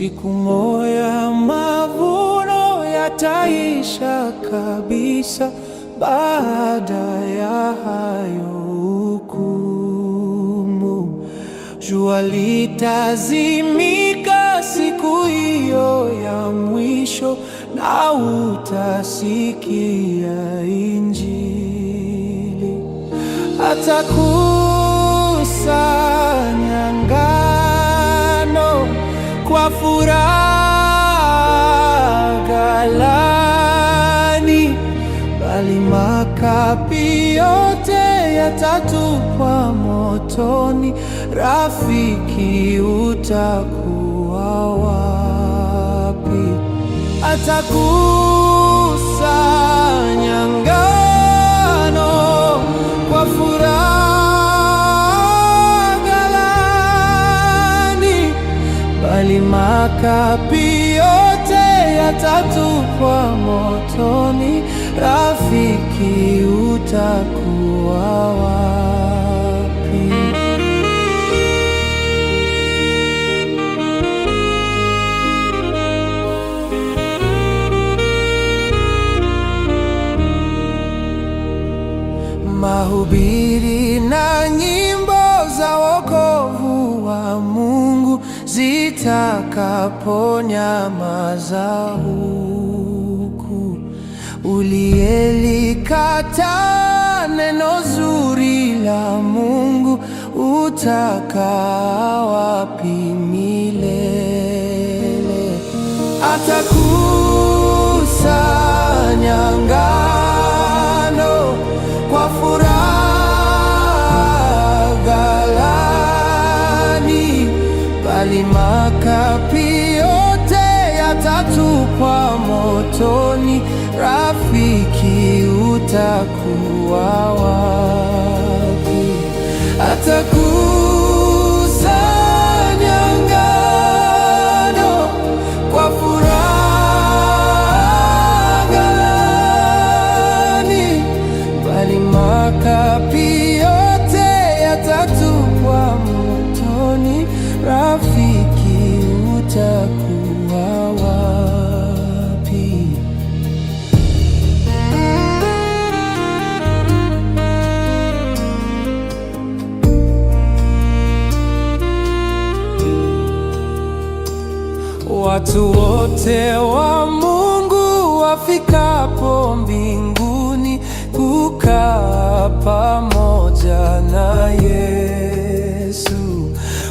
Siku moya mavuno yataisha kabisa. Baada ya hayo hukumu, jua litazimika siku hiyo ya mwisho, na utasikia Injili atakusa furaha ghalani, bali makapi yote yatatupwa motoni. Rafiki, utakuwa wapi? Atakusanya ngano kwa furaha makapi yote yatatupwa motoni, rafiki utakuwa wapi? Mahubiri na nyimbo litakaponyamaza huku, ulielikata neno zuri la Mungu utakaa wapi milele? Atakusanya usoni, rafiki, utakuwa wapi? Watu wote wa Mungu wafikapo mbinguni kukaa pamoja na Yesu,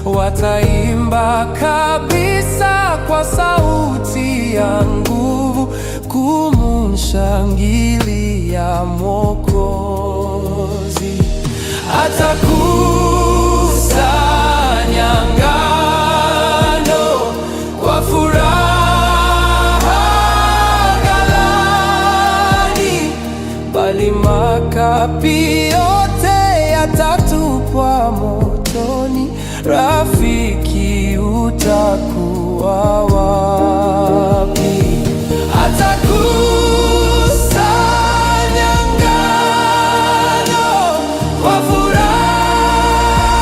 wataimba kabisa kwa sauti ya nguvu, kumshangilia Mwokozi. Mapi yote yatatupwa motoni, rafiki utakuwa wapi? Atakusanya ngano kwa furaha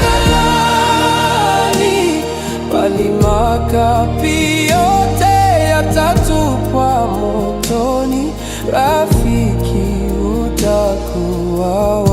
ghalani, bali yote yatatupwa motoni, rafiki Oh.